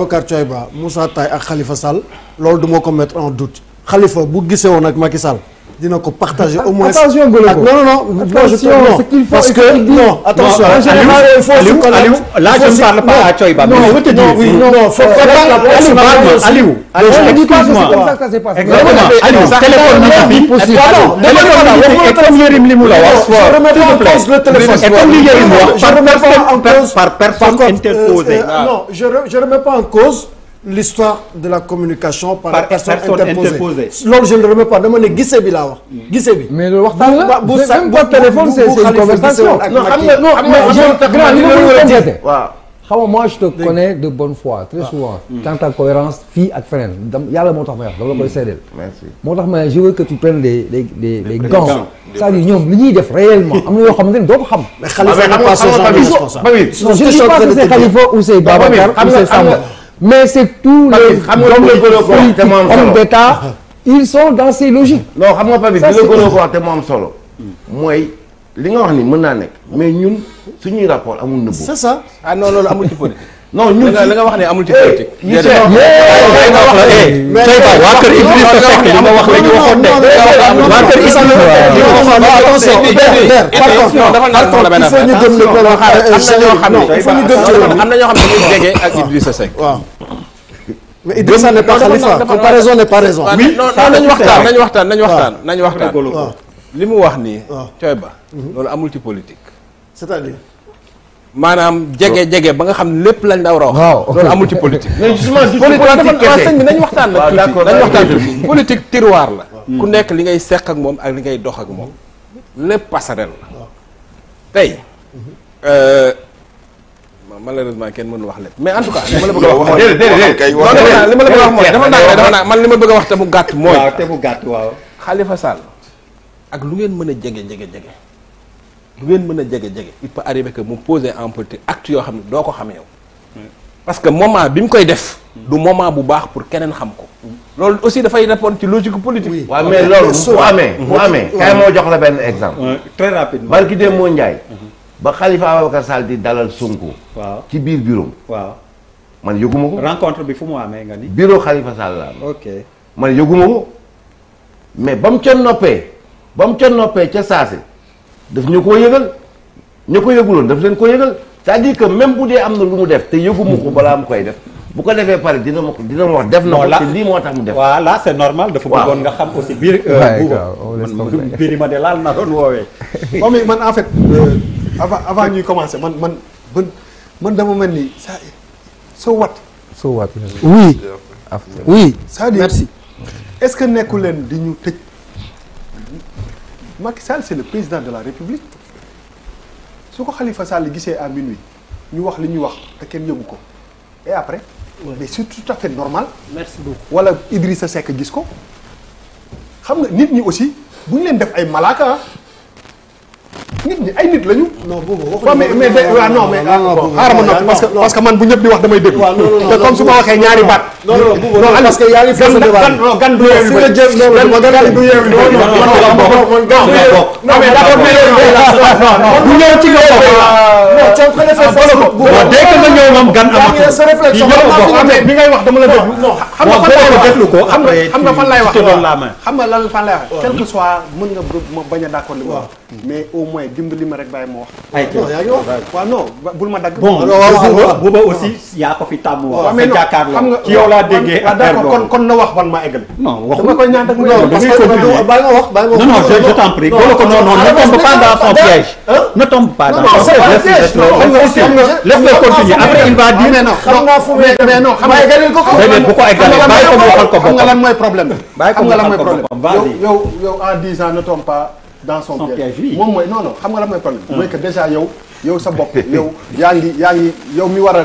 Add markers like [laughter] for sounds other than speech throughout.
Bakar Thioye Ba Moussa Taye ak xalifa Sall loolu du ma ko mettre en doute Khalifa bu gisee woon ak Macky Sall dina ko partager au moins. attention Golo non non non. attention parce que non attention. Aliou Aliou là je ne parle pas à Thioye Ba. non non oui non faut pas Aliou Aliou excuse-moi exactement Aliou téléphone bi nga fi. téléphone li mu la wax. le téléphone par personne interposée. non je remets pas en cause. l'histoire de la communication par, par la personne, personne interposée loolu je ne le remets pas dama ne gise bi laa wax. gise bi mais loolu waxtaan la bu sa bu téléphone c'est une conversation non xam nga non mais xam nga moi je te connais de bonne foi très ah. souvent. quant hmm. à cohérence fii ak feneen yàlla moo tax may wax dama la koy hmm. seedeel. merci moo tax ma je veux que tu prennes les les les les gants. c'est-à-dire ñoom li ñuy def réellement am na yoo xamante ni doo ko xam. mais Khalifa ah, n'est pas ce genre de responsable. je ne dis pas que c'est Khalifa ou c'est Babacar ou c'est Samba. mais c'est tous les hommes d'État ils sont dans ces logiques non xam nga Papis di la gën a ko mu solo mooy li nga wax ni mën naa nekk mais ñun suñuy rapport amul nëbbu c'est ça ah non loolu amul ci politique non ñun li nga wax ne amul ci politique. mais waa kër Idrissa Seck li nga wax la ñu waxoon de. waa kër Idrissa am na ñoo xam ne jege ak Idrissa Seck. waaw. mais Idrissa n'est pas Khalifa comparaison n'est pas raison. na nañu waxtaan nañu waxtaan nañu waxtaan nañu waxtaan. li mu wax nii. waaw Ba. loolu amul ci politique. c'est-à-dire. maanaam jege jege ba nga xam ne lépp lañ la war a loolu amul ci politique. mais justement politique sëñ bi nañ la. ku nekk li ngay seq ak moom ak li ngay dox ak moom lépp passerelle la. tey euh, kenn mënu wax lépp mais en tout ma la bëgg a wax mooy déedéet li ma la dafa naan man li ma bëgg a wax te mu gàtt mooy. waaw te mu gàtt waaw. Khalifa ak lu ngeen mën a jege jege jege. du ngeen mën a jege-jege il peut arriver que mu poser en politique acte yoo xam ne doo ko xam yow parce que moment bi mu koy def du moment bu baax pour keneen xam ko loolu aussi dafay répondre ci logique politique waa mais loolu mu amee mu amee kay moo jox la benn exemple très rapidement barki moo njaay mhm. ba Khalifa Ababacar Sall di dalal Sonko waaw ci biir bureau waaw man yëguma ko rencontre bi fu mu amee nga ni bureau Khalifa Sall la ok man yëguma ko mais ba mu ca noppee ba mu ca noppee ca daf ñu ko yëgal ñu ko yëguloon daf leen ko yëgal c'est-à-dire que même bu dee am na lu mu def te yëgu ko balaa mu koy def bu ko defee pare dina ma dina ma wax def na ko te lii moo tax mu def voilà là c'est normal dafa bëggoon nga xam aussi biir euh, [laughs] Birima de laal na doon woowee [laughs] moom man en fait euh, avant avant ñuy commencer man man man man dama mel ni ça so what so what oui oui c'est-à-dire merci est que nekku di ñu tëj Macky Sall c'est le président de la République su ko Khalifa Sall gisee à minuit ñu wax li ñuy wax te kenn yëgu ko et après. Ouais. mais c'est tout à fait normal. merci beaucoup wala Idrissa Seck gis ko. xam nga nit ñi aussi bu ñu leen def ay malaaka nit ñi ay nit lañu. non boobu waxuñu mais man bu ñëpp wax damay dégg. waaw non non te ma waxee ñaari a débat gan du bi yow bi ngay wax dama la déglu. non xam nga fan lay waxee ko xam nga xam nga fan lay waxee. waaw xam nga lan fan lay waxee. quel que soit mën nga bañ a d'accord li mais dimbali ma rek bàyyi ma wax. waaw non bul ma dagg. bon buuba aussi yaa ko fi tàmm wax. sa jàkkaarloo xam nga ci yow laa déggee. Ah, affaire kon kon na wax man ma eggale. non waxu ma koy ñaan rek mu yow parce que bàyyi ma wax bàyyi ma wax. non non je je t'en prie. non non non ne tombe pas dans son piège. ne tombe pas dans son piège. non non c'est laisse-le continuer après il va dire. xam naa fu mais non xam nga bu ko eggalee bàyyi ko mu waxal ko boppam. xam nga lan mooy problème bi. bàyyi ko mu waxal ko boppam yow yow en dix ans ne tombe pas dans son piège moom mooy non non xam nga la mooy problème. Ah. mooy que déjà yow yow sa bopp yow yaa ngi yaa ngi yow mi war a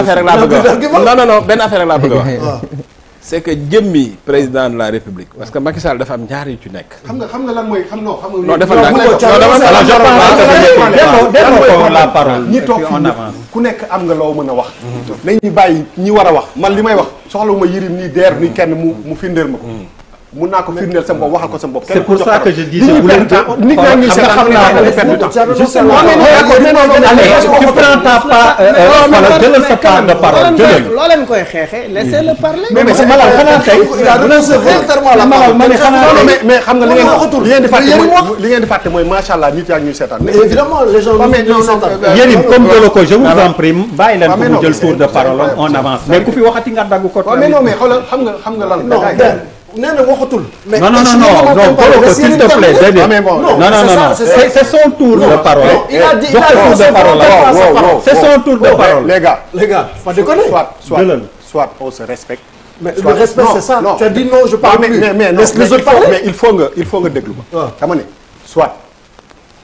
affaire rek laa bëgg a wax non non non benn affaire rek laa bëgg a [laughs] c'est que jëmmi président la république parce que Macky Sall dafa am ñaar yu ci nekk. xam nga xam nga lan mooy xam nga xam nga. non dafa naan non la parole ñi toog ku nekk am nga loo mën a wax. nañu bàyyi ñi war a wax man li may wax soxla soxlawuma yirim nii deer ni kenn mu mu firndeel ma ko. Mm. mun naa ko firndeel sama bopp waxal ko sama bopp. c'est pour ça que je dis bu leen temps nit ñaa ngi seet xam naa ko tu prends ta part euh, voilà jëlal sa part de parole jëlal. loo leen koy xeexee laissez le parler. mais Malal xanaa tey. bu leen sa Malal ma ne xanaa tey mais xam nga li ngeen wax li ngeen di fàtte mooy li ngeen di fàtte mooy macha allah nit yaa ngi ñuy seetaan. mais évidemment les gens ñuy seetaan. Yérim comme que ko je vous en prie bàyyi leen ko mu jël tour de parole on avance mais ku fi waxati nga dagg ko. mais non mais xoolal xam nga xam nga lan nee na waxatul. mais non non non non Goloko s'il te plaît déedéet. Ah, non non non c'est son tour de parole. il a dit il a dit c'est son tour de parole. les gars les gars. pas déconner soit soit soit on se respecte. mais le respect c'est ça. tu as dit non je parle plus. mais mais mais non mais il faut nga il faut nga déglu ma. waaw ah. xam nga ne soit.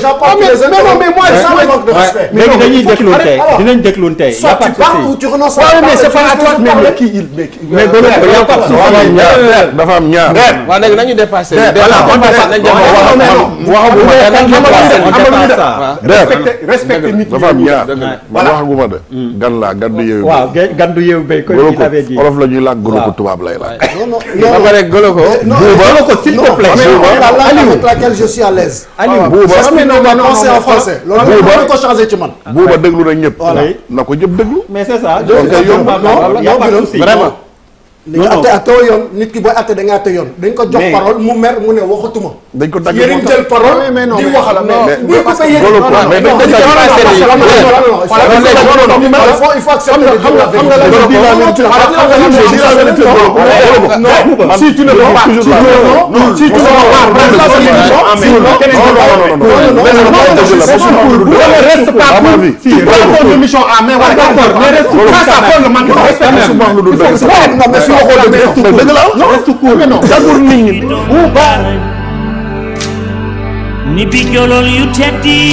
mais non mais moi ça me manque de respect. léegi dañuy dégluwoon tey dinañ dégluwoon tey. soit tu parles ou tu renonces. mais c'est pas à toi de parler qui ñaar. waaw léegi nañu dépassé. respecté nit ñi dafa am ñaar. de. Mm. gan laa gan du yeewu. waaw gan du yeewu béy. golo ko olof la ñuy laaj golo ko tubaab lay laaj. non non non non non non non non non on va penser en déglu na ñëpp. na ko ñëpp déglu. mais c'est li nga atte attoo yoon nit ki booy atte da nga atte yoon dañ ko jox parole mu mer mu ne waxatuma dañ ko dagg yéen jël parole di wax la mais bu ko fa yéen mais dañ ko il faut accepter xam nga la di la vérité la si tu ne vois pas si tu ne vois pas reste pas ni bi jolool yu teddi